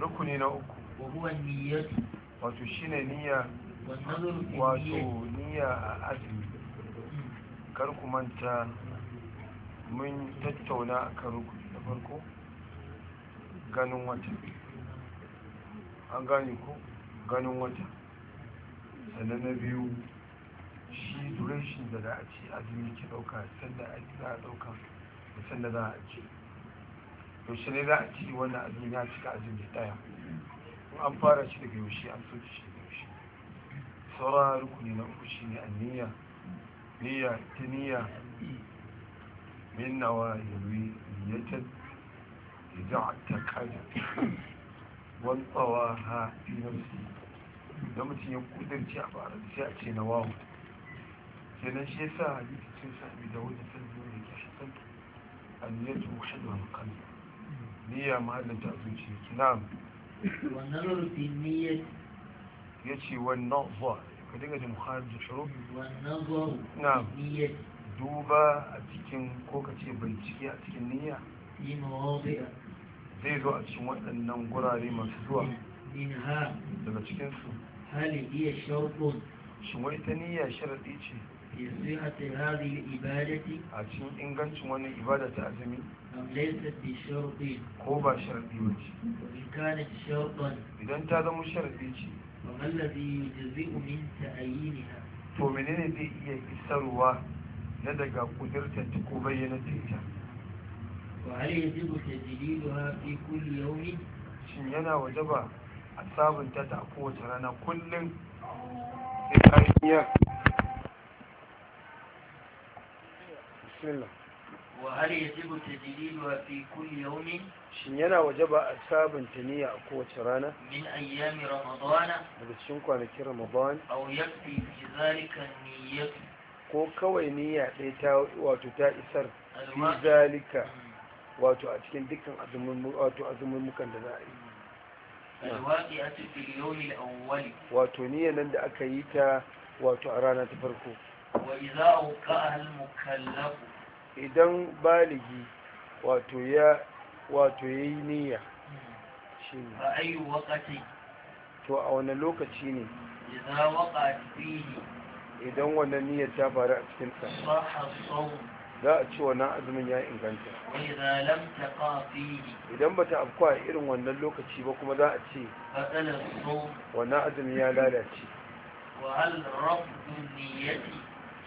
rukuni na uku wato shi ne niyya wato niyya a azumi karkumanta mun tattauna kan rukuni da farko ganin wata sannan na biyu shi duration da za a ce azumi ke dauka sannan a ji za san da za a ce yaushe ne za a ci wannan azumi ya cika azumi daya an fara shi daga yaushe an soke shi daga yaushe saura rukuni na uku shi ne aniyya niyya ta niyya min nawa yawi ya idza ta kaja wantsawa ha fi nafsi da mutum ya kudurci a da sai a ce na nawahu kenan shi ya yasa hadisi sun sami da sun anniyatu hidwal qalbi niyya mahallin ta zuciya na'am Wannan nazaru fi niyyati ka dinga jin duba a cikin ko ka ce bincike a cikin niyya zai zo a cikin waɗannan gurare masu zuwa daga cikinsu hali iya shi wai ta niyya sharaɗi ce cikin ingancin wani ibada ta azumi ko ba sharfi wace idan ta zama sharfi ce to mene ne zai iya isarwa na daga kudurta ko bayyana teta shin yana wajaba a sabunta ta kowace rana kullum sai ta bismillah wa hal yajibu tajdiduha fi kulli yawmin shin yana wajaba a sabunta niyya a kowace rana min ayyami ramadana daga cikin kwanakin ramadan aw yakfi fi ko kawai niyya ɗaya ta wato ta isar fi zalika hmm. wato a cikin dukkan azumin mukan da za a yi hmm. wato niyya nan da aka yi ta wato a rana ta farko wa idza awqa'a al mukallaf idan baligi wato ya wato yi niyya shi ne ayi wakati to a wani lokaci ne idan waqati fihi idan wannan niyyar ta faru a cikin sa za a ci wannan azumin ya inganta idan ba ta afkuwa irin wannan lokaci ba kuma za a ce wannan azumin ya lalace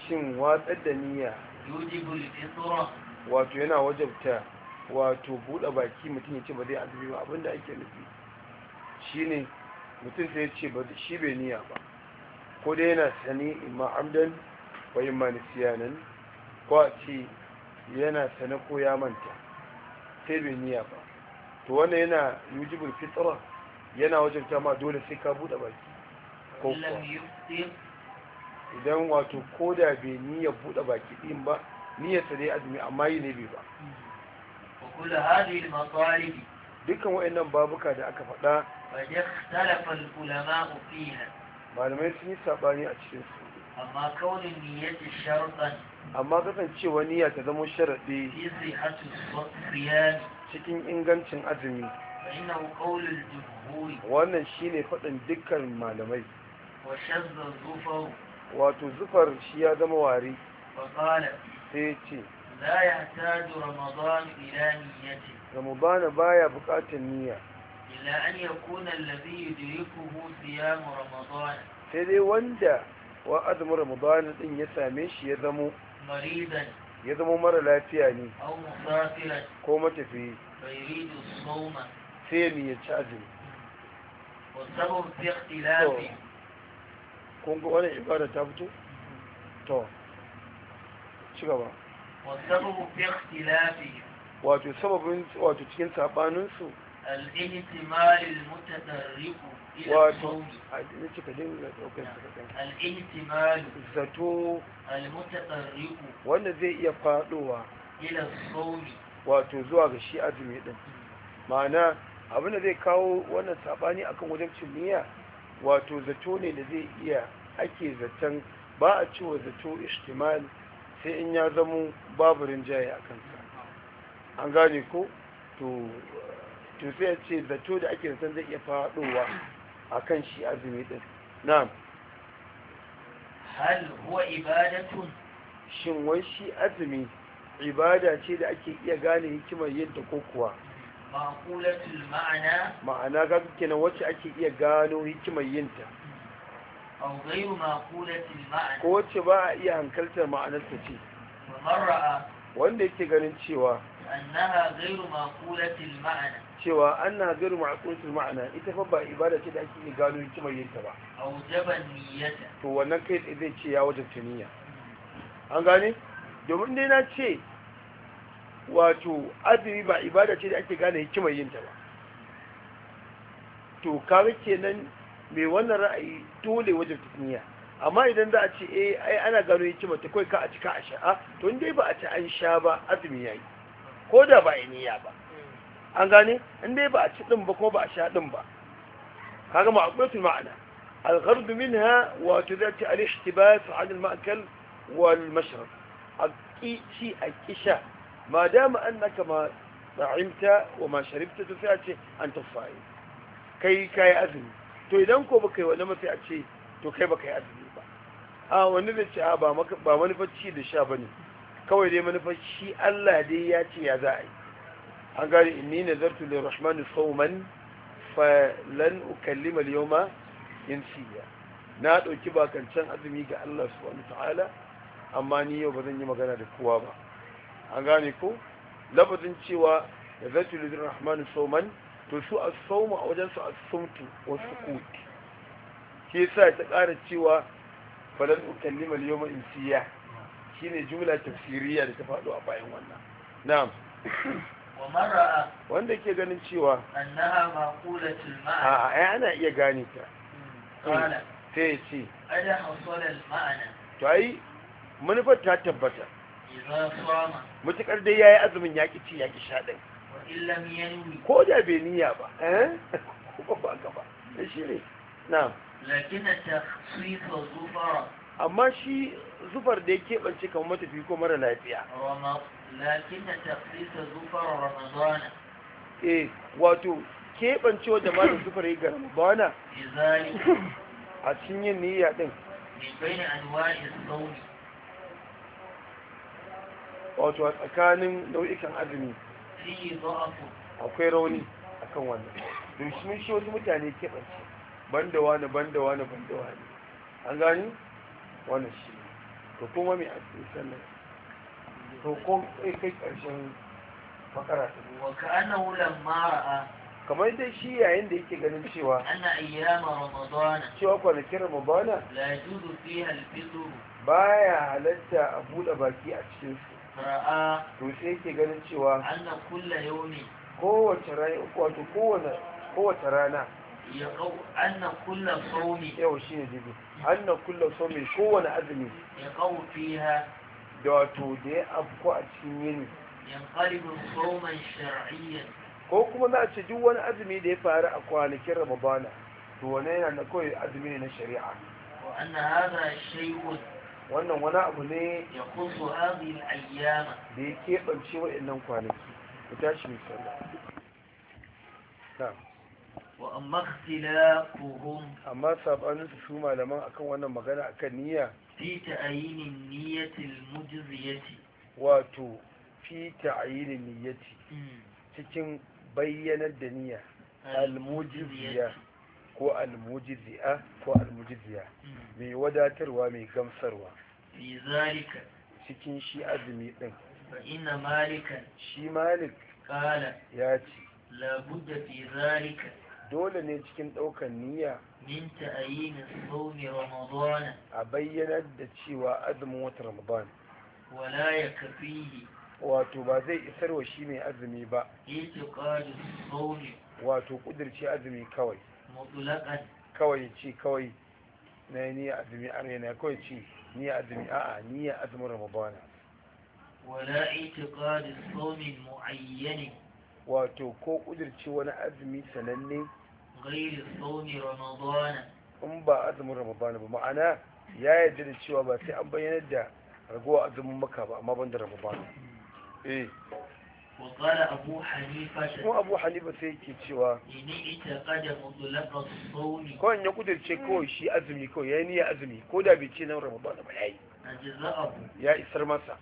shin watsar da niyyar? wato yana wajabta wato buɗe baki mutum ya ce ba zai azumi ba abinda ake nufi shine mutum sai ce ba shi bai niyya ba ko dai yana sani imma amdan wa imma nisiyanan ko a ce yana sane ko ya manta sai bai niyya ba to wannan yana yujibul fitra yana wajabta ma dole sai ka buɗe baki ko kuwa idan wato ko da bai niyyar buɗe baki ɗin ba niyyar sa dai azumi amma yi ne bai ba وكل هذه المطالب dukkan waɗannan babuka da aka faɗa malamai sun yi saɓani a cikin su amma kaunin niyyati sharɗan amma kasancewa niyya ta zama sharaɗi cikin ingancin azumi wannan shine faɗin dukkan malamai wato zufar shi ya zama wari faƙala sai ya ce la ya Da ramadan ila niyyati ramadan baya buƙatar niyya ila an yakuna allazi ya mu ramadan sai dai wanda wa azumin ramadan din ya same shi ya zamo maridan ya zama mara lafiya ne ko matafiyi sai ya ci azumi Wasu kun ga ibada ta fito to ci gaba wasabu fi ikhtilafi wato sababin wato cikin sabanin su al-ihtimal al wato a ne cika din zato al-mutadarrif wanda zai iya faɗowa. ila sauri wato zuwa ga shi azumi din ma'ana abin da zai kawo wannan saɓani akan wajen cin niyya wato zato ne da zai iya ake zaton ba a ciwo zato ishtimal sai in ya zamo babu rinjaye a kansa an gane ko to sai ya ce zato da ake zaton zai iya faɗowa a kan shi azumi ɗin na'am hal huwa ibadatun shin wai shi azumi ibada ce da ake iya gane hikimar yadda ko kuwa ma'ana ma'ana ga kenan wacce ake iya gano hikimar yinta ko wacce ba a iya hankaltar ma'anar ta ce mar'a wanda yake ganin cewa annaha an na ma'ana cewa ma'ana ita fa ba ibada ce da ake iya gano hikimar yinta ba to wannan kai zai ce ya wajen taniya an gane domin dai na ce wato azumi ba ibada ce da ake gane hikimar yin ta ba to kawai kenan mai wannan ra'ayi dole wajen tukuniya amma idan za a ce eh ai ana gano hikimar ta kai ka a cika a sha'a ah, to inda ba a ci an sha ba azumi ya yi. ko da ba a niyya ba an gane inda dai ba a ci din ba ko ba a sha din ba kaga ma'aqutul ma'ana الغرض منها وتذاتي الاحتباس عن a والمشرب أكي a أكي sha. ma dama annaka ma ta'imta wa ma sharibta to sai ce an tafai kai kai azumi to idan ko baka yi wani mafi a ce to kai baka yi azumi ba a wani da ce a ba ba manufarci da sha bane kawai dai manufarci Allah dai ya ce ya za a yi an gane inni nazartu lirrahmani sawman fa lan ukallima al-yawma insiya na dauki bakancan azumi ga Allah subhanahu wa ta'ala amma ni yau ba zan yi magana da kowa ba an gane ko lafazin cewa da zai rahmanu sauman to su a sauma a wajen su a sumtu wasu kuti ke sa ta ƙara cewa falal ukallima liyoma insiya ne jumla tafsiriya da ta faɗo a bayan wannan na'am wanda ke ganin cewa annaha maqulatul ma'a a ana iya gane ta sai ce ada hasalal ma'ana to ai manufar ta tabbata mutukar dai ya yi azumin yaƙi ci yaƙi sha din ko da bai niya ba eh? ko ba ka ba eh, shi ne na amma shi zufar da ya keɓance kama matafi ko mara lafiya lakin da zufar wato keɓancewa da mara zufar yi ga ramadana a cinye yin niyya din bai ne wato a tsakanin nau'ikan azumi akwai rauni akan wannan domin shi shi wasu mutane keɓance banda wani banda wani banda wani an gani wannan shi to kuma mai asiri sannan to ko kai kai ƙarshen fakara ta wa ka ana wulan mara'a kamar dai shi yayin da yake ganin cewa ana ayyama ramadana cewa kwanakin ramadana la yajuzu fiha al-fitr baya halatta a buɗe baki a cikin su ra'a to sai yake ganin cewa annan kulla yaumi kowace rana wato kowace kowace rana ya kau annan kulla saumi yau shi shine dibi annan kulla saumi kowane azumi ya kau fiha da wato da ya afko a cikin yini yanqalibu sauman shar'iyyan ko kuma za a ce duk wani azumi da ya faru a kwanakin ramadana to wane yana na kawai azumi ne na shari'a wa anna hadha shay'un wannan wani abu ne ya kusa hadhihi al-ayyama da ya keɓance waɗannan kwanaki ku tashi mai sallah na'am wa amma ikhtilafuhum amma sabanin su su malaman akan wannan magana akan niyya fi ta'yinin niyyatil mujziyati wato fi ta'yinin niyyati hmm. cikin bayyanar da niyya al mujziyati ko almujizi'a ko almujiziya hmm. mai wadatarwa mai gamsarwa fi zalika cikin shi azumi din fa inna malikan shi malik kala ya ce labudda fi zalika dole ne cikin ɗaukan niyya min ta'ayyin sawmi ramadan a bayyanar da cewa azumin watan ramadan wala yakfihi wato ba zai isar wa shi mai azumi ba itiqadu sawmi wato kudirce azumi kawai kawai ci kawai na yi niyyar azumi a raina kawai ci niyyar azumi a niyyar azumin ramadana wala itiqadi sawmin mu'ayyan wato ko kudirce wani azumi sananne ghairu sawmi ramadana in ba azumin ramadana ba ma'ana ya yarda da cewa ba sai an bayyana da ragowa azumin maka ba amma ban da ramadana eh وقال أبو حنيفة مو أبو حنيفة سيكي تشوا إني إتقاد مطلق كون يقول الشيكو شي أزمي كو يعني يا أزمي كو دا بيتي نور رمضان بلاي يا إسر مسا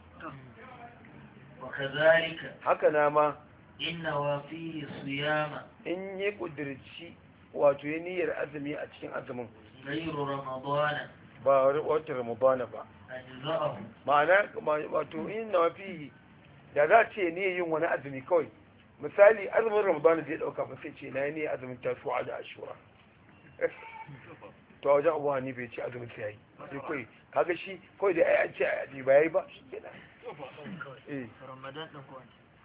وكذلك هكذا ما إن وفيه صيام إن يقدر wato ya niyyar azumi a cikin azumin ba wata ramadana ba ma'ana wato inna fihi da za ce ne yin wani azumi kawai misali azumin ramadan zai dauka ba sai ce na yi ne azumin a da ashura to wajen abuwa ne bai ce azumin ta yi sai kawai kaga shi kawai da ya an ce a aji ba yi ba eh.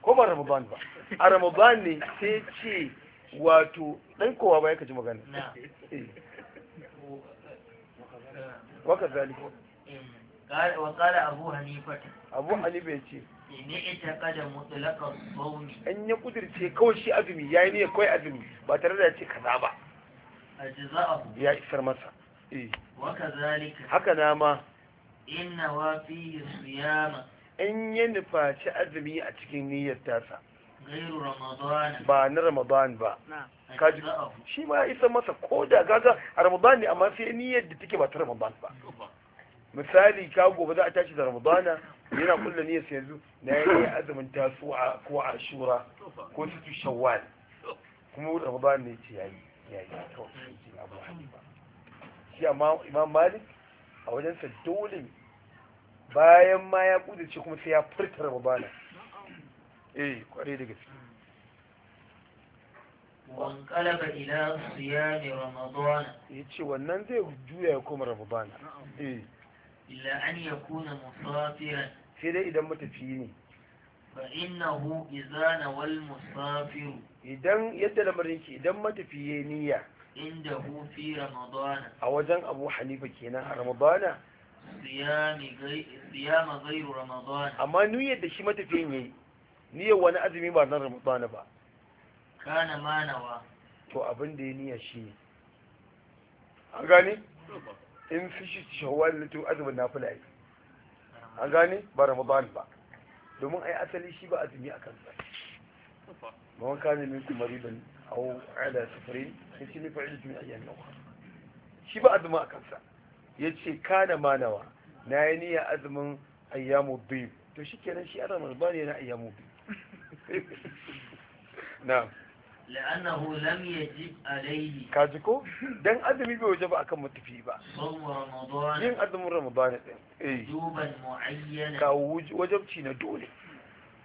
ko ba ramadan ba a ramadan ne sai ce wato dan kowa ba ya kaji magana eh waka zalika وقال abu حنيفة أبو حنيفة in ya kudirce kawai shi azumi ya yi ne kawai azumi ba tare da ya ce kaza ba ya isar masa haka na ma an ya nufaci azumi a cikin niyyar tasa ba na ramadan ba kaji shi ma ya isar masa ko da gaga a ramadan ne amma sai niyyar da take ba ta ramadan ba misali ka gobe za a tashi da ramadana yana kulla niyyar yanzu na yi azumin a ko a shura ko su shawwal kuma ramadan ne ce yayi yayi to shi abu shi amma imam malik a wajen sa dole bayan ma ya ce kuma sai ya furta ramadan eh kware da gaske wankalaba الى صيام رمضان يجي wannan zai juya ya koma ramadan eh illa an yakuna sai dai idan matafiyi ne fa'innahu izana wal musafiru idan yadda lamarin ki, idan ne niyya inda hu fi ramadana a wajen abu hanifa kenan a ramadana siyama gairu ramadana amma niyyar da shi matafiyin ne, niyyar wani azumi ba na ramadana ba kana manawa to abin da ya niyya shi ne an gane in fi shi shawwal to azumin nafila yi an gane ba ramadan ba domin ai asali shi ba azumi a kansa ba wanka ne min kuma riban au ala safarin sai shi ne fa'il tun ayyan nawa shi ba azumi a kansa yace da manawa na yi niyya azumin ayyamu biyu to shikenan shi ana ramadan yana ayyamu biyu na'am kaji ko don azumi bai a akan matafi ba yin azumin ramadan din eh duban ka wajabci na dole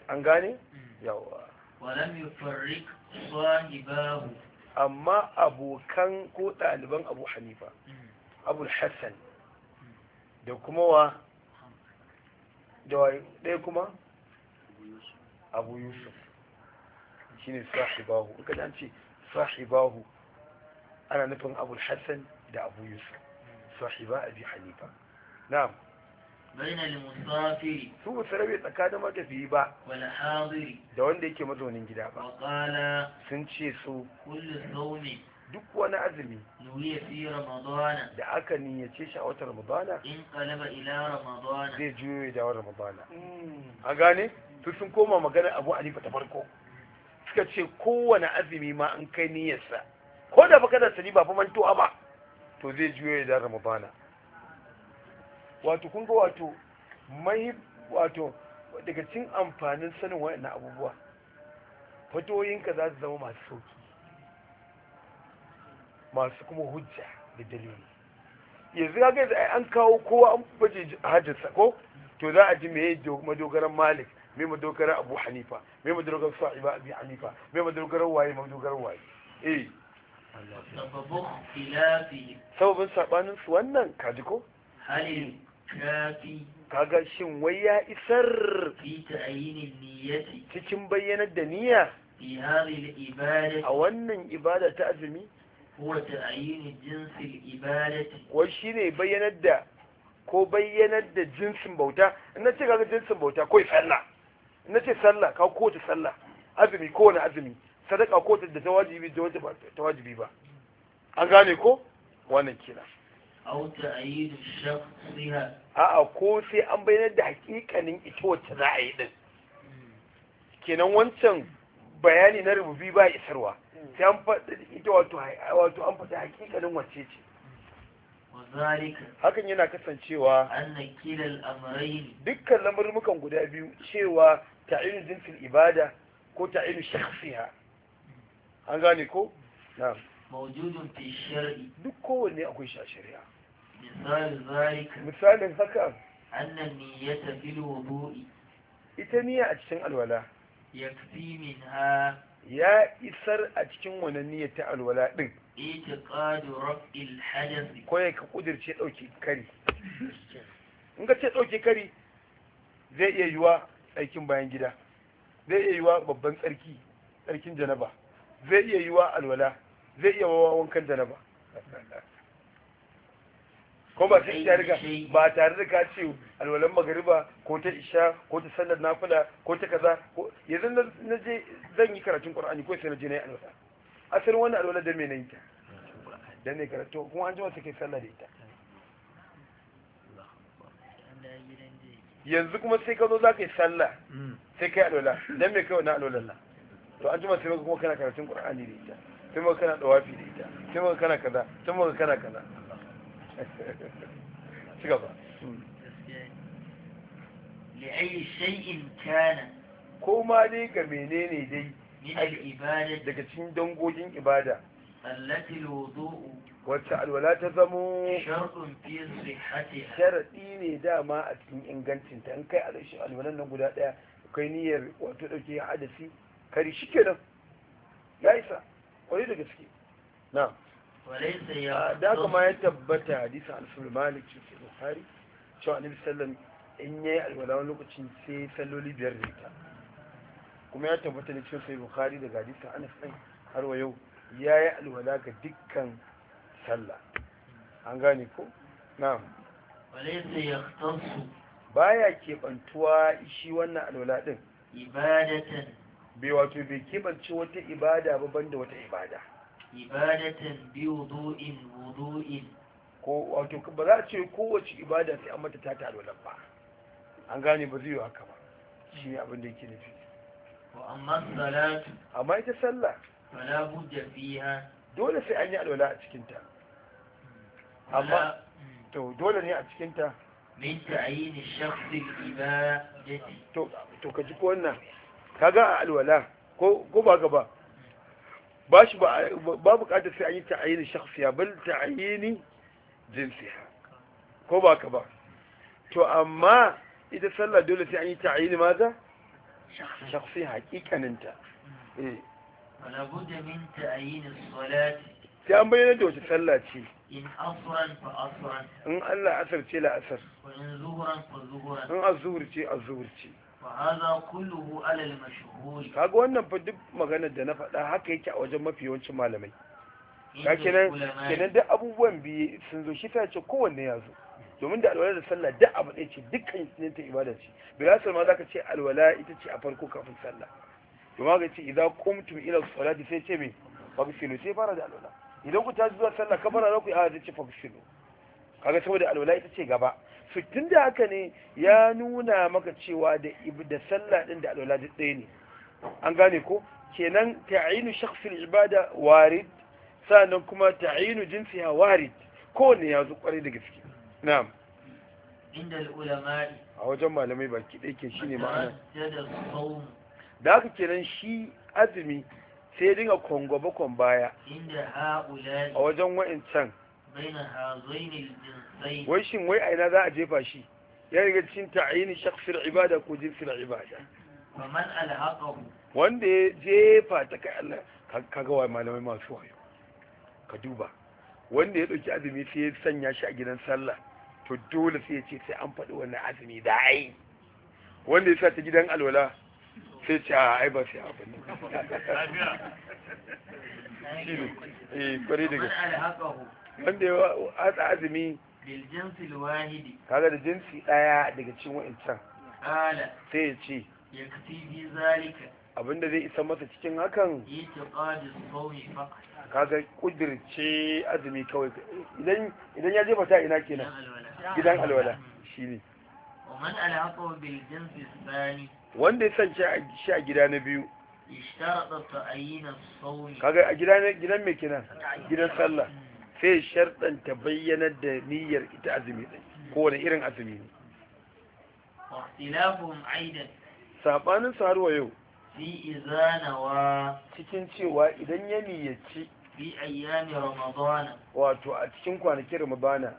an gane yawa amma abokan ko ɗaliban abu hanifa abul hassan da kuma wa da ɗaya kuma abu yusuf shine sahibahu in kaji an ce sahibahu ana nufin abul hassan da abu yusuf sahiba abi hanifa na'am baina al-musafiri su ba sarabe tsakanin matafiyi ba wal hadiri da wanda yake mazaunin gida ba qala sun ce su kullu sawmi duk wani azumi nuyi fi ramadana da aka niyyace shi a watan ramadana in qalaba ila ramadana zai juyo ya dawo ramadana hmm. A gane to sun koma magana abu ali ta farko suka ce kowane azumi ma an kai niyyarsa ko da baka da sani ba fa mantuwa ba to zai juyo ya mu ramadana wato kun ga wato mai wato daga cin amfanin sanin wayannan abubuwa fatoyin ka za su zama masu sauki masu kuma hujja da dalili yanzu ga gaisa an kawo kowa an baje hajjinsa ko to za a ji me madogaran malik me madogara abu hanifa me madogara sa'iba Abu hanifa me madogara waye madogara waye eh sababu khilafi sababin sabanin su wannan kaji ko halil kafi kaga shin wai ya isar fi ta'yinin niyyati cikin bayyanar da niyya fi hadhihi ibadati a wannan ibada ta azumi huwa ta'yin jinsi ibadati wai shine bayyanar da ko bayyanar da jinsin bauta in na ce kaga jinsin bauta Ko sallah na ce sallah ka kowace sallah azumi wani azumi sadaka ko da ta wajibi da ta wajibi ba an gane ko wannan kina aw ta'yid shakhsiha a'a ko sai an bayyana da hakikanin ita wacce za a yi din kenan wancan bayani na rububi ba isarwa sai an fada ita wato wato an faɗi hakikanin wacce ce hakan yana kasancewa dukkan lamurmukan guda biyu cewa ta'inu jinsin ibada ko ta'inu shakhsiha an gane ko na'am mawjudun fi shar'i duk kowanne akwai shi a shari'a misalin zalika misalin haka annan ya tafi wudu'i ita niya a cikin alwala min ha. ya isar a cikin wannan niyyar ta alwala din itiqadu raf'il hadath ko ya ka kudirce dauke kari in ka ce dauke kari zai iya yiwa tsarkin bayan gida zai iya yi wa babban tsarki tsarkin janaba zai iya yi wa alwala zai iya wawa wankan janaba ko ba sai ya riga ba tare da ka ce alwalan magariba ko ta isha ko ta sallar nafila ko ta kaza ko yanzu na je zan yi karatun qur'ani ko sai na je na yi alwala asalin wannan alwala da me na yi ta ne karatu kuma an ji wata kai sallar da ita yanzu kuma sai ka zo za ka yi sallah hmm. sai ka yi alola dan me kai wannan alolan to an jima sai maka kuma kana karatun qur'ani da ita sai maka kana dawafi da ita sai maka kana kaza sai maka kana kaza ci gaba hmm. li'ayi shay'in kana ko ma dai ga menene dai daga cikin dangogin ibada allati alwudu'u wacce alwala ta zamo sharaɗi ne dama a cikin ingancinta in kai alwalan nan guda ɗaya kai niyyar wato ɗauke hadasi kari shi ke nan ya isa wani daga ciki na da kuma ah, ya tabbata hadisin alfil malik shi buhari cewa annabi sallam in ya yi alwala wani lokacin sai salloli biyar da ita kuma ya tabbata da cewa sai buhari daga hadisin anas ɗin har wa yau ya yi alwala ga dukkan sallah an gane ko na'am walaysa yahtasu baya kebantuwa shi wannan alwala din ibadatan bai wato bai kebanci wata ibada ba banda wata ibada ibadatan bi wudu'in wudu'in ko wato ba za a ce kowace ibada sai an mata tata alwala ba an gane ba zai yi haka ba shi ne abin da yake nufi amma salatu amma ita sallah fala budda fiha dole sai an yi alwala a cikin ta amma to dole ne a cikinta min ta'ayini shakhsi ibadati to to ji ko wannan kaga a alwala ko ko ba gaba ba ba shi ba ba bukatar sai an yi ta'ayini ya bal ta'ayini jinsiha ko ba ka ba to amma ita sallah dole sai an yi ta'ayini maza shakhsi hakikaninta eh wala budda min ta'ayini salati sai an bayyana da wace sallah ce in in Allah asar ce la asar in azuhur fa zuhran in ce azhur ce fa hada kulluhu ala mashhur kaga wannan fa duk magana da na faɗa haka yake a wajen mafi yawancin malamai ka kenan kenan duk abubuwan biye sun zo shi ta ce kowanne ya zo domin da alwala da sallah duk abu ɗaya ce dukkan ne ta ibada ce bilasar ma zaka ce alwala ita ce a farko kafin sallah domin ka ce idan kumtum ila salati sai ce me ba ku sai fara da alwala idan ku tashi zuwa sallah kamar za ku a zai ci fagshilu kaga saboda alwala ita ce gaba fitin da haka ne ya nuna maka cewa da da sallah din da alwala duk ɗaya ne an gane ko kenan ta'inu shakhsil ibada warid sannan kuma ta'inu jinsiha warid kowanne ya zo kwarai da gaske na'am inda ulama'i a wajen malamai baki ɗaya ke shine ma'ana da haka kenan shi azumi sai dinga kongo bakon baya a wajen wa'incan wai shin wai aina za a jefa shi ya riga cin ta'ayini shakhsir ibada ko jinsir ibada wanda ya jefa ta kai Allah kaga wa malamai masu wayo ka duba wanda ya ɗauki azumi sai ya sanya shi a gidan sallah to dole sai ya ce sai an faɗi wannan azumi da ai wanda ya sa ta gidan alwala sai ce a ai ba sai abin eh kwari daga wanda ya watsa azumi kaga da jinsi daya daga cin cikin wa'incan sai ya ce abinda zai isa masa cikin hakan kaga kudirce azumi kawai idan ya jefa ta ina kenan gidan alwala shine ومن ألحقه بالجنس الثاني wanda ya san shi a gida na biyu kaga a gidan mai kina gidan sallah hmm. sai ta bayyanar da niyyar ita azumi ɗin kowane irin azumi ne saɓanin saruwa yau cikin cewa idan ya niyyaci wato a cikin kwanakin ramadana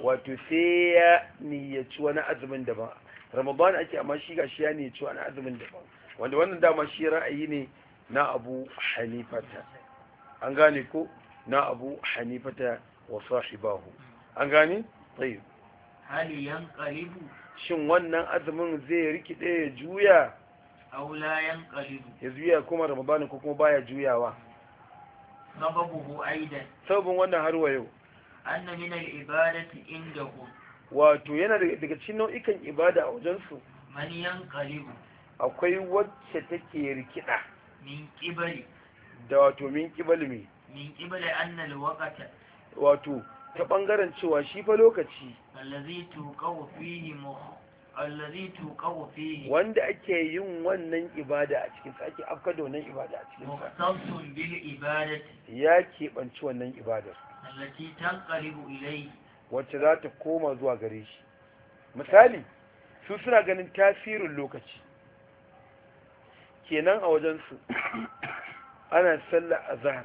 wato sai ya niyyaci wani azumin da ba ramadan ake amma shi shi ya ne cewa na azumin da. wanda wannan dama shi ra'ayi ne na abu hanifata an gane ko na abu hanifata wa sahibahu an gane tsayi hali yan karibu. shin wannan azumin zai rikide ya juya aula yan karibu. ya juya kuma ramadan ko kuma baya juyawa sababuhu aidan sabon wannan har wa yau anna min al-ibadati indahu wato yana daga cikin nau'ikan ibada a wajensu maniyan karibu akwai wacce take rikida min kibali da wato min kibali me min kibali annal waqata wato ta bangaren cewa shi fa lokaci allazi tuqaw fihi allazi tuqaw fihi wanda ake yin wannan ibada a cikin sa ake afka da wannan ibada a cikin sa muqtasun bil ibadati ya ke banci wannan ibadar allati tanqalibu ilayhi wacce za ta koma zuwa gare shi misali su suna ganin tasirin lokaci kenan a wajensu ana sallah a zahar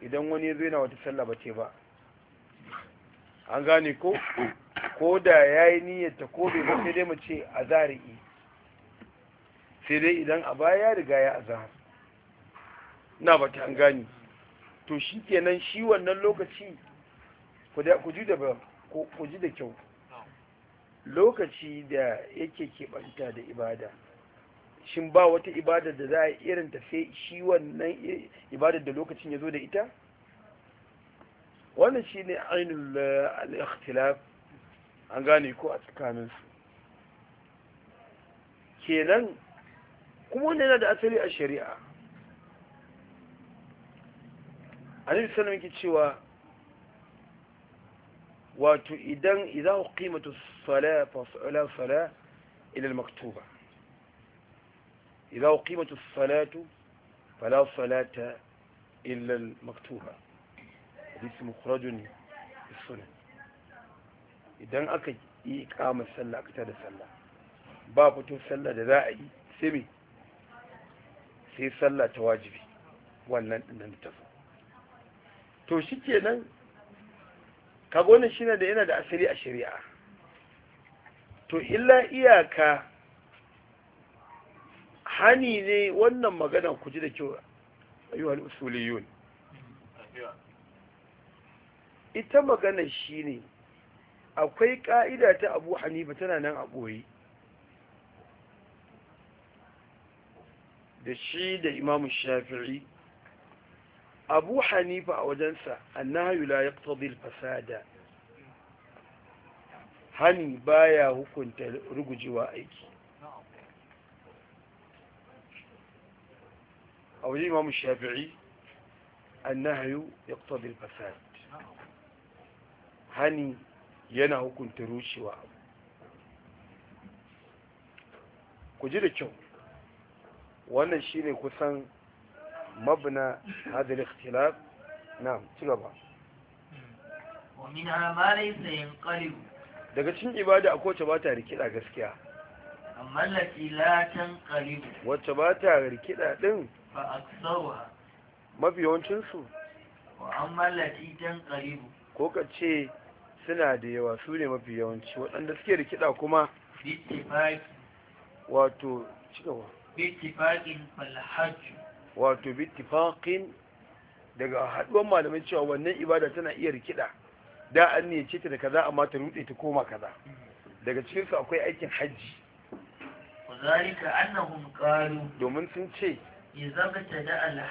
idan wani ya zo yana wata sallah ba ce ba an gane ko ko da ya yi niyyarta ko bai ba sai dai mu ce a yi sai dai idan a baya ya riga ya a zahar na ba ta an gane to shi kenan shi wannan lokaci ku ji da kyau lokaci da yake keɓanta da ibada shin ba wata ibada da za a irin tafe shi wannan ibada da lokacin ya zo da ita wannan shi ne ainihin eh, al'ikhtilaf an gane ko a tsakaninsu kenan kuma wanda yana da asali a shari'a a nufi yake cewa wato idan idan qimatu sala sala sala ila al-maktuba idan qimatu salatu fala salata illa maktuba hadisi mukhrajun sunan idan aka yi iqamar sallah aka tada sallah ba fito sallah da za a yi sai me sai sallah ta wajibi wannan din da ta to shikenan kaga wannan shine da yana da asali a shari'a to illa iyaka hani ne wannan magana ku ji da kyau ayyuhal usuliyun ita magana shine akwai ka'ida ta Abu Hanifa tana nan a boye da shi da Imam Shafi'i abu hanifa a wajensa annahu la yaqtadi fasada hani baya hukunta rugujewa aiki a wajen imamu shafi'i annahu yaqtadi fasad hani yana hukunta rushewa ku ji da kyau wannan shine kusan مبنى هذا الاختلاف نعم تجربة ومنها ما ليس ينقلب daga cikin ibada akwai wacce ba ta rikida gaskiya amma lati la tanqalib wacce ba ta rikida din fa aksawa mafi yawancin su wa amma lati tanqalib ko ka ce suna da yawa su ne mafi yawanci waɗanda suke rikida kuma bittifaqi wato cikawa bittifaqin fal hajj wato bittifaqin daga haduwar malamai cewa wannan ibada tana iya rikida da an ne ce ta da kaza amma ta rute ta koma kaza daga cikin su akwai aikin haji zalika annahum qalu domin sun ce idza da al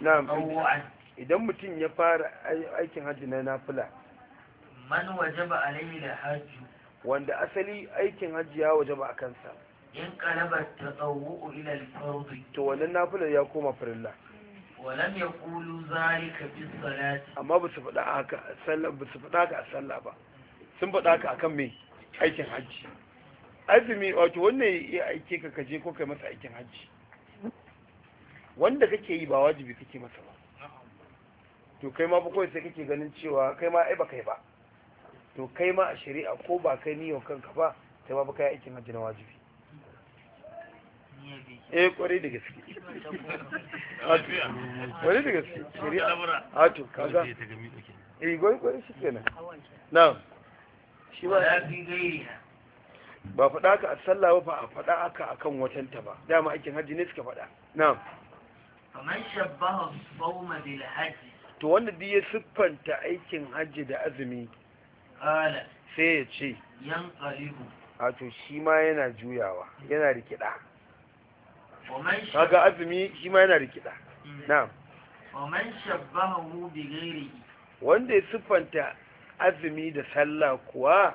na'am idan mutum ya fara aikin haji na nafila man wajaba alayhi alhajj wanda asali aikin haji ya wajaba a kansa in kalabar ta tsawo ila fardi to wannan nafilar ya koma farilla walam ya kulu zalika fi salati amma ba su faɗa haka a sallah ba su faɗa haka a sallah ba sun faɗa haka akan me aikin hajji azumi wato wannan ya aike ka kaje ko kai masa aikin hajji wanda kake yi ba wajibi kake masa ba to kai ma bakwai sai kake ganin cewa kai ma ai ba kai ba to kai ma a shari'a ko ba kai niyyar kanka ba kai ma ba kai aikin hajji na wajibi eh kwarai da gaske kwarai da gaske shari'a a to kaza eh gwai kwarai shi Nan. na shi ba ba faɗa aka a sallah ba a faɗa aka a akan watanta ba dama aikin hajji ne suka faɗa na kamar shabbaha Bauma bil hajji to wanda duk ya siffanta aikin hajji da azumi sai ya ce yan qalibu a to shi ma yana juyawa yana rikida kaga azumi shi ma yana da kiɗa na'am wanda ya siffanta azumi da sallah kuwa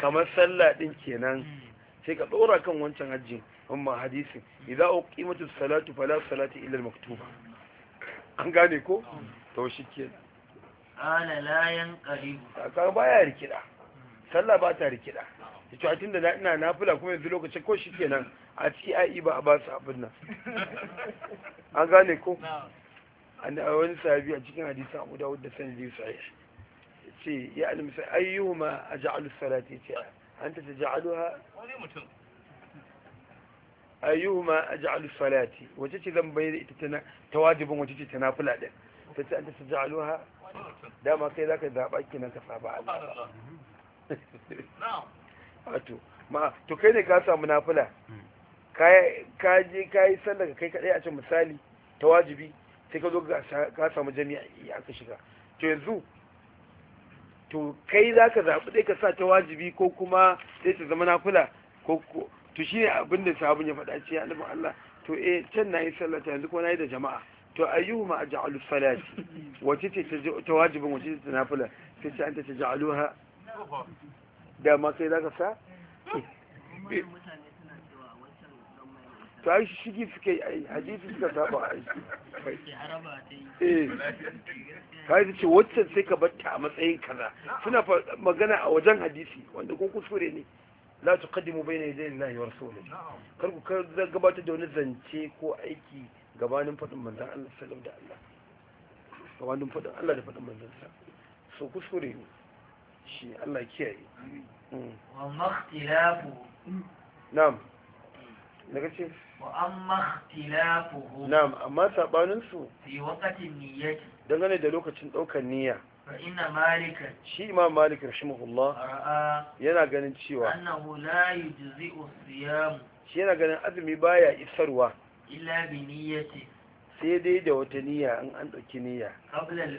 kamar sallah din kenan hmm. sai ka ɗora kan wancan haji amma hadisi idza a ƙimatu salatu fala salati al maktuba an gane ko to shi ke ala la ƙaribu ka baya rikida sallah ba ta rikida da cewa da na ina nafila kuma yanzu lokacin ko shi kenan a ci ai e ba a ba su abin nan an gane ko a wani sahabi a cikin hadisa abu dawud da sanadi sai ce ya alimsa ayyuhuma ja'alu salati ce anta taj'aluha wani mutum ayyuhuma ja'alu salati wace ce zan bayyana ita ta tawajibin wace ce tana fula din ta ja'alu ha dama kai zaka zaba kinan ka saba Allah wato ma to kai ne ka samu nafila hmm. ka je ka yi sallar kai kadai a can misali ta wajibi sai ka zo ka samu jami'a ka shiga to yanzu to kai za ka zaɓi ɗai ka sa ta wajibi ko kuma sai ta zama nafula ko to shi ne abin da sabon ya faɗa ce ya Allah to eh can na yi sallata yanzu ko na yi da jama'a to ayyuhu ma ja'alu salati wace ce ta wajibin wace ce ta kula sai ce an ta ja'aluha da ma kai za ka sa eh. to ai shigi suka yi ai hadisi suka saba ai eh kai da ce wacce sai ka batta a matsayin kaza suna magana a wajen hadisi wanda ko kuskure ne la tuqaddimu bayna yaday Allahi wa rasulihi kar ku gabatar da wani zance ko aiki gabanin fadin manzon Allah sallallahu alaihi wasallam gabanin fadin Allah da fadin manzon sa so ne shi Allah kiyaye mm. wa makhtilafu na'am daga na'am amma sabanin su fi waqtin niyyati dangane da lokacin ɗaukan niyya fa inna malikan shi imam malik rahimahullah yana ganin cewa annahu la yujzi'u siyam shi yana ganin azumi baya isarwa illa bi niyyati sai dai da wata niyya in an dauki niyya qabla al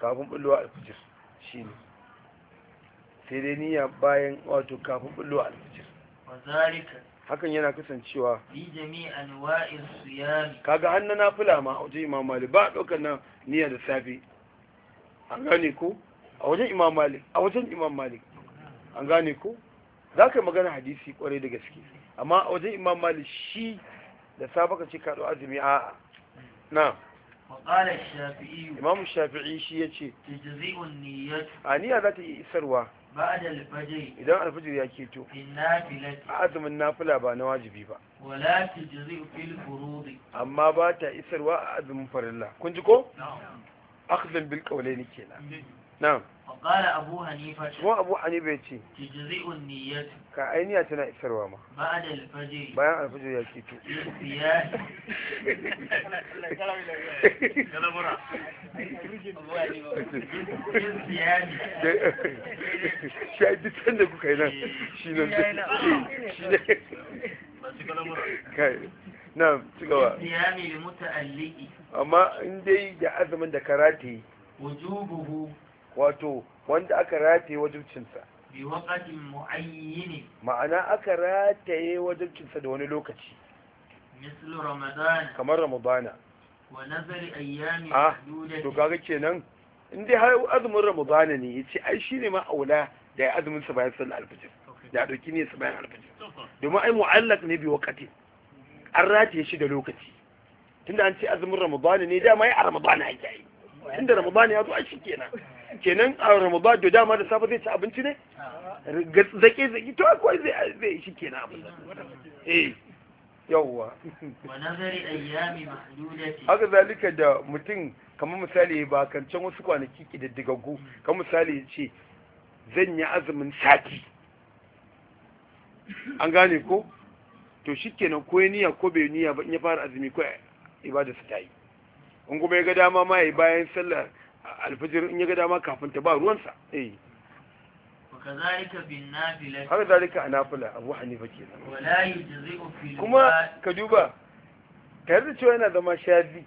kafin bulwa al-fajr sai dai niyya bayan wato kafin bulwa al-fajr wa hakan yana kasancewa bi jami anwa'is siyam kaga hannu na fula ma a wajen imam malik ba ɗaukar na niyya da safe an gane ko a wajen imam malik a wajen imam malik an gane ko za ka magana hadisi kwarai da gaske amma a wajen imam malik shi da safe ka ce kaɗo azumi a na imam shafi'i shi ya ce a niyya za ta iya isarwa idan alfajir ya keto azumin nafila ba na wajibi ba amma ba ta isarwa a azumin farilla kun ji ko? akhzan bil qawlaini kenan na'am kuma abu hani bai ce ka ainiya tana isarwa ma bayan alfajir ya kifi ya ya yi ya yi ya yi ya yi ya yi ya yi ya yi ya yi ya yi ya yi ya yi ya yi wato wanda aka rataye wajibcinsa bi waqatin mu'ayyin ma'ana aka rataye wajibcinsa da wani lokaci misal ramadan kamar ramadana wa nazari ayyami ah, ma'dudat to kaga kenan in dai har azumin ramadana ne ya ce, ai shine ma aula da ya azumin sa bayan sallar alfajir da dauki ne su bayan alfajir domin ai mu'allaq ne bi waqatin an rataye shi da lokaci tunda an ce azumin ramadana ne dama ya a ramadana yake yi tunda ramadana ya zo a shi kenan kenan a ramadan da dama da safe zai ci abinci ne zake zake to akwai zai zai shi kenan abin eh yawwa wa nazari haka zalika da mutum kamar misali ba kan can wasu kwanaki kididdigaggu kamar misali ya ce zan yi azumin sati an gane ko to kenan ko niyya ko bai niya ba in ya fara azumi ko ibada su ta yi in kuma ya ga dama ma ya yi bayan sallar alfajir in ya ga dama kafin ta ba ruwansa eh haka zarika a nafila abu hannifa ke kuma ka duba tare da cewa yana zama shazi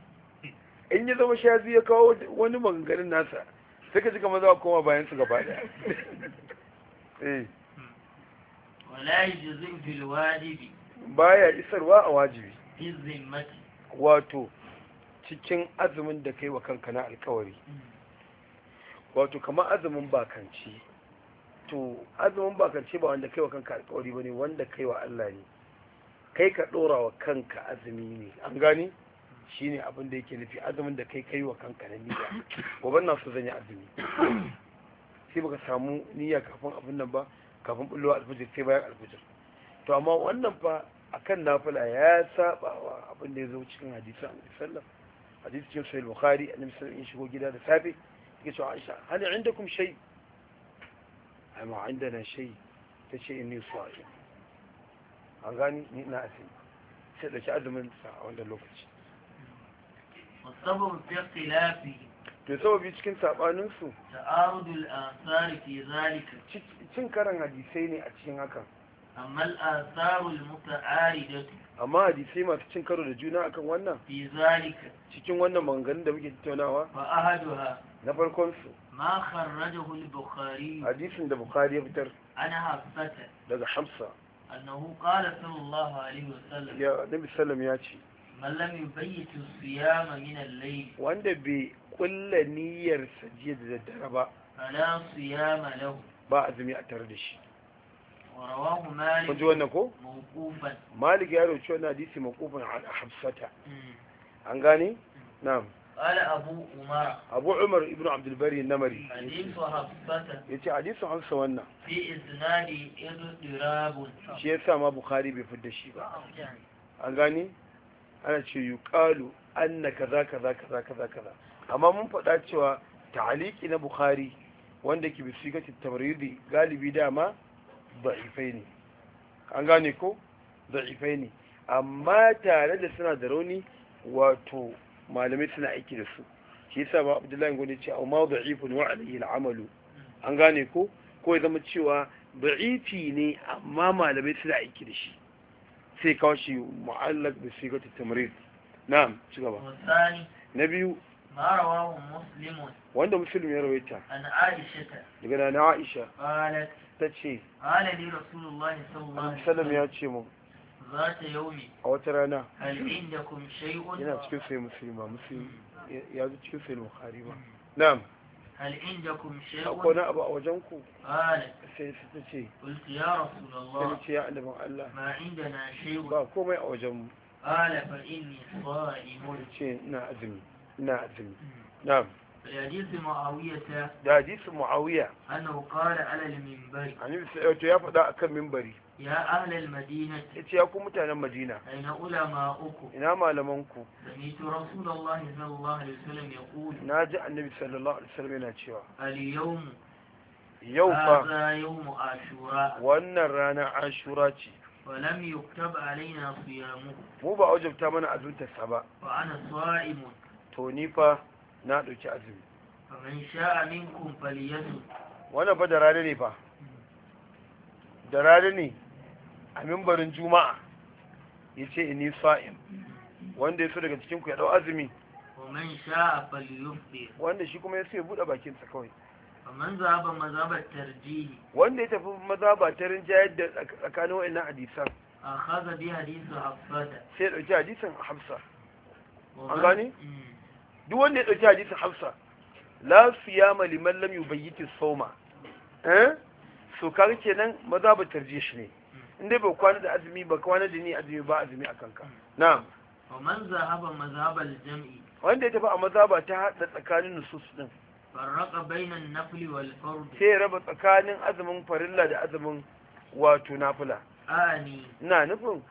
in ya zama shazi ya kawo wani maganganun nasa sai ka ji kamar za koma bayan su gaba da eh. baya isarwa a wajibi wato cikin azumin da kai wa kanka na alkawari mm. wato kamar azumin bakanci to azumin bakanci ba wanda kaiwa kanka alkawari bane wanda kaiwa Allah ne kai ka dora wa kanka azumi ne an gane shine abin da yake nufi azumin da kai kaiwa kanka na niyya goban na su yi azumi sai baka samu niyya kafin abin nan ba kafin bullowa alfajir sai bayan alfajir to amma wannan fa akan nafila ya saba wa abin da ya zo cikin hadisi annabi sallallahu alaihi wasallam hadisin sahih bukhari annabi sallallahu alaihi wasallam shigo gida da safe take cewa Aisha hal indakum shay ai ma indana shay tace inni sa'im an gani ni ina asin sai da shi azumin a wannan lokaci wasabu fi ikhtilafi to sababi cikin sabanin su ta'arudul asar fi cin karan hadisai ne a cikin hakan amma al'asarul muta'aridatu amma hadisi masu cin karo da juna akan wannan fi cikin wannan maganganun da muke tattaunawa na farkon su ma kharrajahu al-bukhari hadisin da bukhari ya fitar ana hafsata daga hamsa annahu qala sallallahu alaihi sallam. ya nabi sallam ya ce man lam yubayyit as siyam min al-layl wanda bai kulla niyyar jiya da daddare ba fala siyama lahu ba azumi a tare da shi warawahu malik wannan ko ya hadisi mawqufan an hafsata hmm. an gane hmm. na'am قال أبو عمر أبو عمر ابن عبد البري النمري حديث حفصة يتي حديث حفصة وانا في إذناني إضراب شيء سامة بخاري بفد الشيء أغاني أنا شيء يقال أن كذا كذا كذا كذا كذا أما من فدا cewa تعليق na بخاري wanda ke bisigati tamridi galibi dama da'ifai ne an gane ko da'ifai ne amma tare da suna malamai suna aiki da su shi yasa ba abdullahi gwani ce au ma da'ifun wa alayhi al'amalu an gane ko ko ya zama cewa da'ifi ne amma malamai suna aiki da shi sai kawo shi mu'allaq bi sigati tamrid na'am ci gaba na biyu wanda رواه مسلم وعند مسلم aisha عن عائشة لقد أنا عائشة قالت تتشي قال لي رسول الله صلى الله عليه zata yaumi a wata rana hal indakum shay'un yana cikin sai musulma musulmi ya zo cikin sai bukhari ba hmm. na'am hal indakum shay'un akwai na abu a wajen ku qala sai su tace qult ya rasulullah sai ce ya annabin Allah ma indana shay'un ba komai a wajen mu qala fa inni sa'imun ce ina azumi ina azumi hmm. na'am حديث معاوية ده حديث معاوية أنه قال على المنبر يعني بس يا فدا أكم منبري ya ahlal madina yace ya ku mutanen madina aina ulama uku ina malaman ku sami tu rasulullahi sallallahu alaihi wasallam yaqul naji annabi sallallahu alaihi wasallam yana cewa al yawm yau fa ashura wannan ranar ashura ce ولم يكتب علينا صيامه Mu ba wajabta mana azumta sa ba wa ana sa'imun to ni fa na dauki azumi man sha'a minkum falyasum wannan fa da rana ne fa da rana ne a mimbarin juma'a ya ce ini sa'in wanda ya so daga cikin ya dau azumi wanda shi kuma ya so ya buɗe bakinsa kawai wanda ya tafi mazaba ta rinjayar da tsakanin wa'annan hadisan sai ya hadithu hafsata sai dauki hadisin hafsa an gani mm. duk wanda ya dauki hadisan hamsa. la siyama liman lam yubayyit as-sawma eh so kaga kenan mazaba tarjih ne in dai kwana da azumi ba kwana da ni azumi ba azumi a kanka na'am wa man zahaba jam'i wanda ya tafi a mazhaba ta hada tsakanin nusus din farraqa bainan nafli wal fard sai raba tsakanin azumin farilla da azumin wato nafila na nufin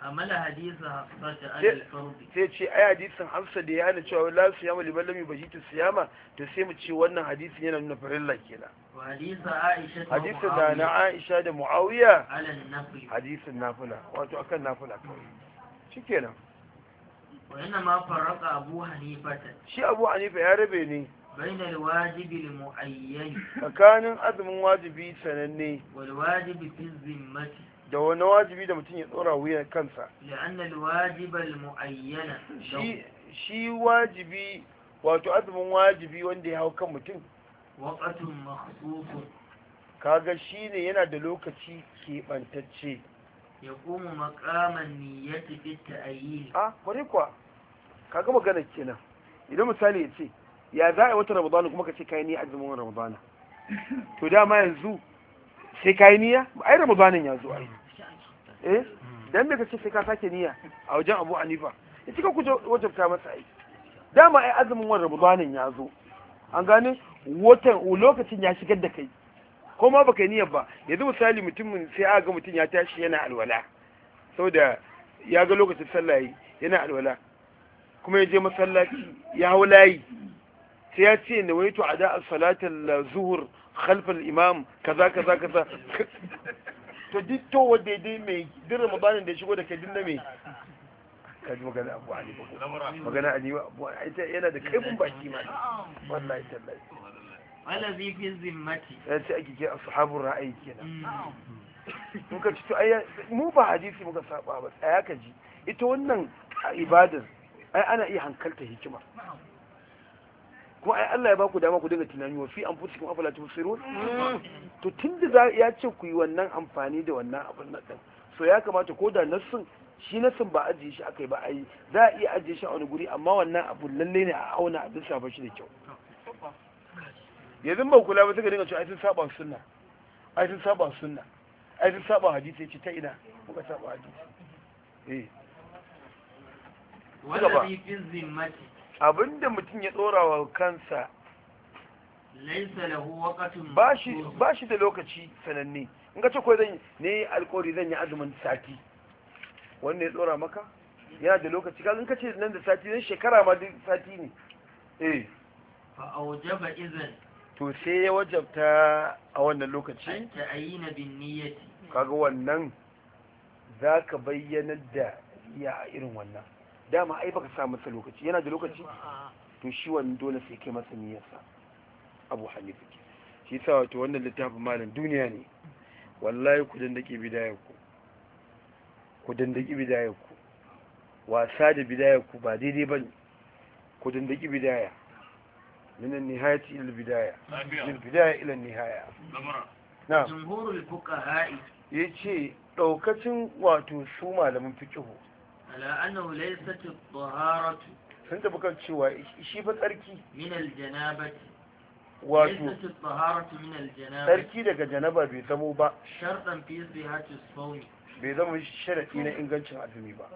sai ce ai hadisin hamsa da ya hana cewa la su yama liban lami bashi ta siyama to sai mu ce wannan hadisin yana nuna farilla kenan Aisha da na aisha da mu'awiya hadisin nafila wato akan nafila kawai shi kenan wannan ma farraka abu hanifa shi abu hanifa ya rabe ne بين الواجب المعين فكان أذم واجبي سنني والواجب fi الذمة da wani wajibi da mutum ya tsora wuyan kansa wajibal muayyana shi wajibi wato azumin wajibi wanda ya hau kan mutum waqatun makhsufun kaga ne yana da lokaci keɓantacce ya kuma makaman niyyati bi ayi. a ah, kwari kuwa kaga magana kenan idan misali ya ce ya za a yi wata ramadana kuma ka ce kayan niyya azumin ramadana to dama yanzu sai kayi niyya ai ramadanin ya zo ai eh dan me kace sai ka sake niyya a wajen Abu Hanifa ya cika ku wajabta masa ai dama ai azumin wannan Ramadanin ya zo an gane watan lokacin ya shigar da kai ko ma baka niyya ba yanzu misali mutumin sai aka ga mutum ya tashi yana alwala saboda ya ga lokacin sallah yi yana alwala kuma ya je masallaci ya hau layi sai ya ce na to a al-salatu salatar zuhur khalfal imam kaza kaza kaza to duk to wadda dai mai din mabanin da shigo da kai din na mai kaji magana abu ali magana ali abu ita yana da kaifin baki ma wallahi tallahi wallazi fi zimmati ce eh, ake ke ashabur ra'ayi kenan muka mm. ci to ai mu ba hadisi muka saba ba tsaya ka ji ita wannan ibadar ai ana iya hankalta hikima kuma ai Allah ya baku dama ku dinga tunani wa fi anfusikum afala tubsirun mm. to tunda ya ce ku yi wannan amfani da wannan abin nan din so ya kamata ko da nassin shi nassin ba ajiye shi akai ba ai za a iya ajiye shi a wani guri amma wannan abu lalle ne a auna a lissafa shi da kyau yanzu ba kula ba suka dinga cewa ai sun saba sunna ai sun saba sunna ai sun saba hadisi yace ta ina muka saba hadisi eh wallahi fi zimmati abinda mutum ya tsora wa kansa laisa lahu bashi bashi da lokaci sananne in ka ce ko zan ne alƙawari zan yi azumin sati wanda ya tsora maka yana da lokaci in ka ce nan da sati nan shekara ma da sati ne eh fa aujaba idan to sai ya wajabta a wannan lokaci ta ayina bin niyyati kaga wannan zaka bayyana da ya irin wannan dama ai baka sa masa lokaci yana da lokaci to shi wannan dole sai kai masa niyyarsa abu hanifa ke shi sa wato wannan littafin malam duniya ne wallahi ku dandake bidayar ku ku dake bidayar ku wasa da bidayar ku ba daidai bane ku dake bidaya من النهاية إلى البداية من البداية إلى النهاية نعم جمهور الفقهاء يجي لو كتن واتو سوما لمن فكهو ala annahu laysat at-taharatu sun tafi kan cewa shi fa tsarki min al-janabati wato tsarki daga janaba bai zamo ba sharɗan fi sihhati as-sawm bai zama sharadi na ingancin azumi ba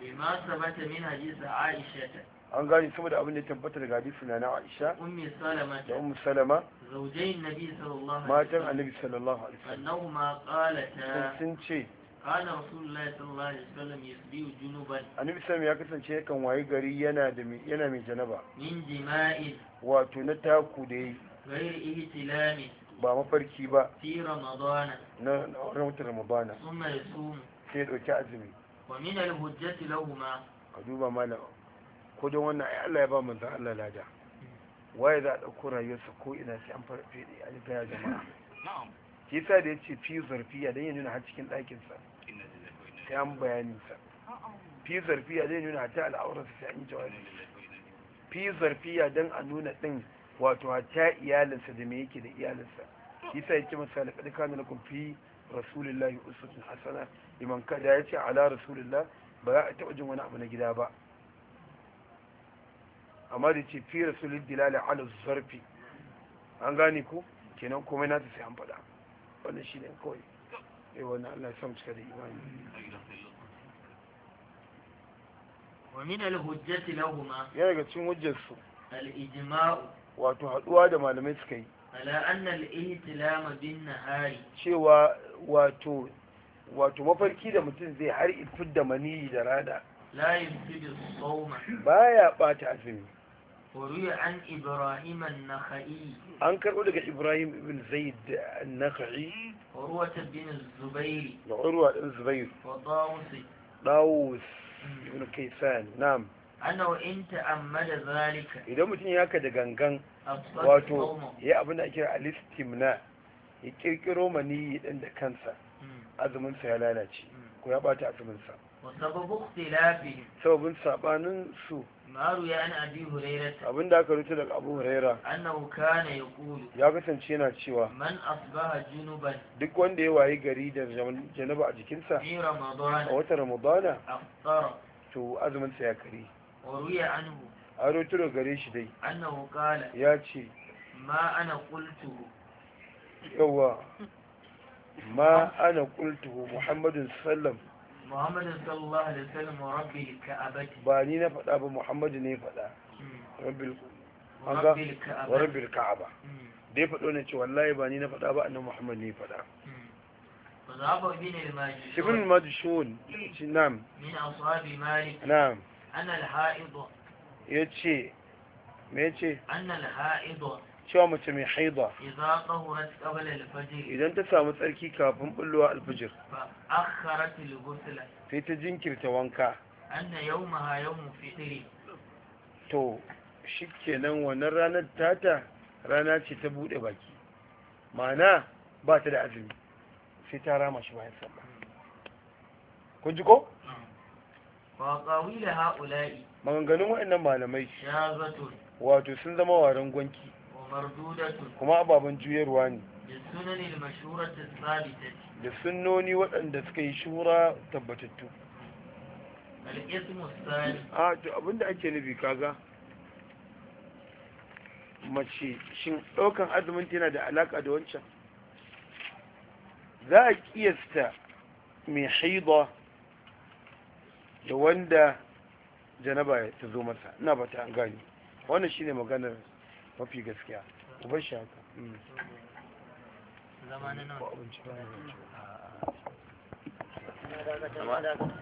bima sabata min hadisi aisha an gane saboda da abin da tabbata daga hadisi na Aisha ummi salama da ummi salama zaujain nabi sallallahu alaihi wasallam matan annabi sallallahu alaihi wasallam annahuma qalata sun ce kana rasulullahi sallallahu alaihi wasallam yasbiu junuban annabi sallam ya kasance yakan wayi gari yana da yana mai janaba min jima'in wato na taku da yi ghairi ihtilami ba mafarki ba fi ramadana na na watan ramadana sunna ya sumu sai ya dauki azumi wa min al-hujjati lahumu ka duba malam ko don wannan ai Allah ya ba manzon Allah lada waye za a ɗauko rayuwarsa ko ina sai an farfe da ya jama'a na'am kisa da ya ce fi zarfiya dan yana nuna har cikin ɗakinsa sai an bayanin sa fi zarfiya zai nuna ta al'aurarsa sai an yi jawabi fi zarfiya don a nuna ɗin wato ta iyalinsa da me yake da iyalinsa isa yake masa laƙaɗi kanu lakum fi rasulillahi usutun hasana iman kada ya ce ala rasulillah ba za a taɓa jin wani abu na gida ba amma da ce fi rasulun dilala ala zarfi an gane ku kenan komai na ta sai faɗa wannan shi ne kawai eh wannan Allah ya samu cika da imani wa hujjati lahumu ya daga cikin hujjarsu wato da malamai suka yi ala anna al-ihtilama bin nahari cewa wato wato mafarki da mutum zai har ifid da maniyi da rada la yumsidu sawma baya bata azumi an karɓo daga ibrahim ibn zaid an-nakhai urwa bin zubair da urwa ibn zubair dawus ibn kaysan Nam. ana wa in ta'ammada zalika idan mutum ya ka da gangan wato ya abin da ake alistimna ya kirkiro mani ɗin da kansa azumin sa ya lalace ko ya bata azumin sa وسبب اختلافهم سبب سابانن سو ما روي عن ابي هريره abin da aka rubuta daga Abu Huraira annahu kana ya kasance yana cewa man duk wanda ya wayi gari da janaba a jikinsa ni a wata ramadana afṭara to azumin sa ya kare a ruya anhu a gare shi dai annahu qala ya ce ma ana qultu yawa ma ana qultu sallallahu Muhammadu sallallahu alaihi wasallam ba ni na faɗa ba Muhammadu ne faɗa hmm. rabbil rabbil rabbil ka'aba hmm. da ya faɗo ne ce wallahi ba ni na faɗa ba annabi Muhammad ne faɗa وذهب ابن الماجشون ابن الماجشون نعم من أصحاب مالك cewa mace mai haida idan ta samu tsarki kafin bullowa alfijir sai ta jinkirta wanka to shi kenan wannan ranar tata rana ce ta bude baki mana ba ta da azumi sai ta rama shi bayan sabba kun ji ko? ba ƙawila ha'ula'i maganganun waɗannan malamai wato sun zama warin gwanki kuma ababen juyarwa ne da sunoni waɗanda suka yi shura tabbatattu a to abinda ake nufi kaga mace shin ɗaukan azumin yana da alaƙa da wancan za a ƙiyasta mai haiba da wanda janaba ta zo masa ina bata ta an gani wannan shine maganar mafi gaskiya ku shi haka hmm. zama na nan